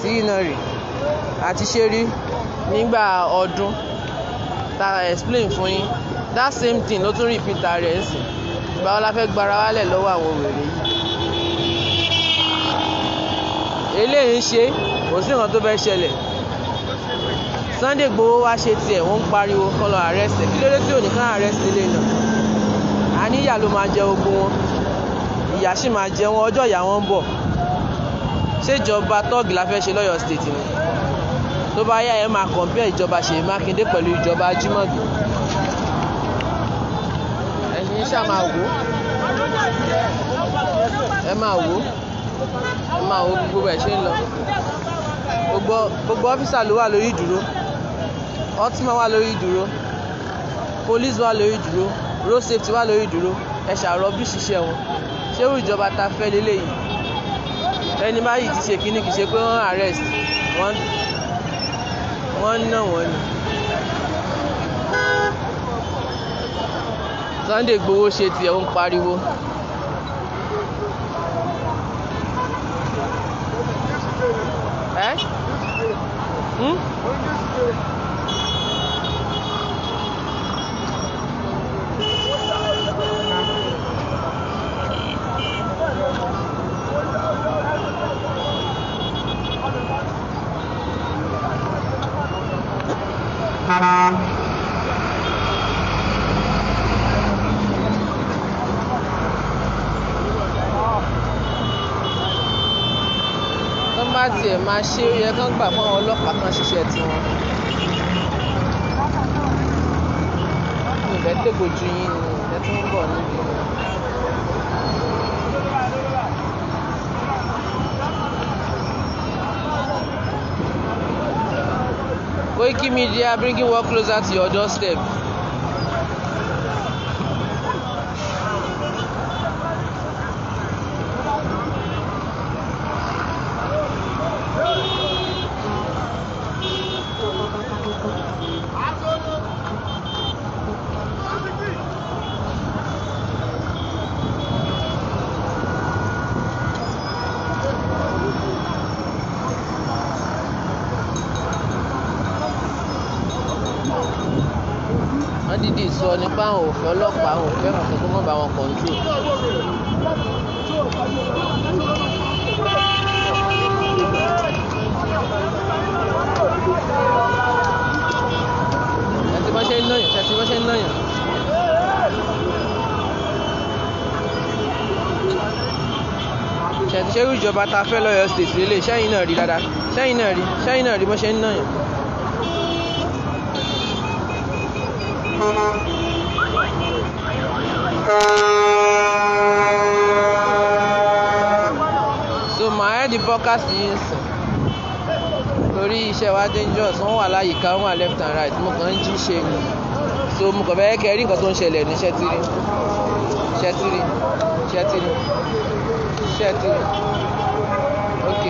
sí Ìnàrì àti Ṣẹ́rí nígbà ọdún ta explain fún yín that same thing ló tún repeat ara ẹ̀ sí ìgbà wọn la fẹ́ gbara wálẹ̀ lọ́wọ́ àwọn wèrè yìí eléyìí ń ṣe kò sí nǹkan tó fẹ́ ṣẹlẹ̀ Sunday Igboho wá ṣe tiẹ̀ wọ́n ń pariwo kọ́ lọ arrest kí ló dé tí òníkan arrest ilé náà àníyà ló máa jẹ ogun wọn ìyà sì máa jẹ wọn ọjọ́ ìyà wọn ń bọ̀ ṣèjọba tọ́ọ̀gì la fẹ́ ṣe lọ́yọ̀ state ni tó bá yá ẹ máa compare ìjọba Ṣèyí Mákindé pẹ̀lú ìjọba Ajímọ̀bí ẹ̀yin ṣáà máa wò ẹ máa wò ẹ máa wò gbogbo ẹ̀ ṣe ń lọ gbogbo gbogbo ọ́físà ló wà lórí ìdúró ọtíma wà lórí ìdúró police wà lórí ìdúró road safety wà lórí ìdúró ẹ ṣàrọ̀ bí ṣiṣẹ́ wọn ṣé ìjọba ta fẹ́ lélẹ́yìí ẹni báyìí ti ṣe kínní kìí ṣe pé wọ́n arrest wọ́n wọ́n ná wọ́n ni. Sunday Igboho ṣe tiẹ̀ ń pariwo. ẹ́ hmm? tó bá tiẹ̀ máa ṣe yẹ kán gbà fún àwọn ọlọ́pàá kan ṣiṣẹ́ tiwọn. ìbẹ́tẹ̀gòjú yín ni ìbẹ́tẹ̀ ń bọ̀ Koiki Media, bringing work closer to your doorstep. dídì sọ nípa àwọn òfin ọlọ́pàá àwọn òfin ẹ̀kọ́ tó mọ̀ bá wọn kọ̀ńtró. ẹtì wọ́n ṣe ń náyàn ẹtì wọ́n ṣe ń náyàn. ṣètìṣẹ́rú ìjọba ta fẹ́ lọ́yọ̀ state lélẹ̀ sẹ́yìn náà rí dáadáa sẹ́yìn náà rí sẹ́yìn náà rí bó ṣe ń náyàn. so màá ẹ́ di broadcast yìí sùn torí iṣẹ́ wa dangerous wọ́n wà láyìíká wọ́n wà left and right mo kàn ń jí ṣe ni so mo kàn fẹ́ kẹ́ rí nǹkan tó ń ṣẹlẹ̀ ní ṣẹ́tìrì ṣẹ́tìrì ṣẹ́tìrì ṣẹ́tìrì ok.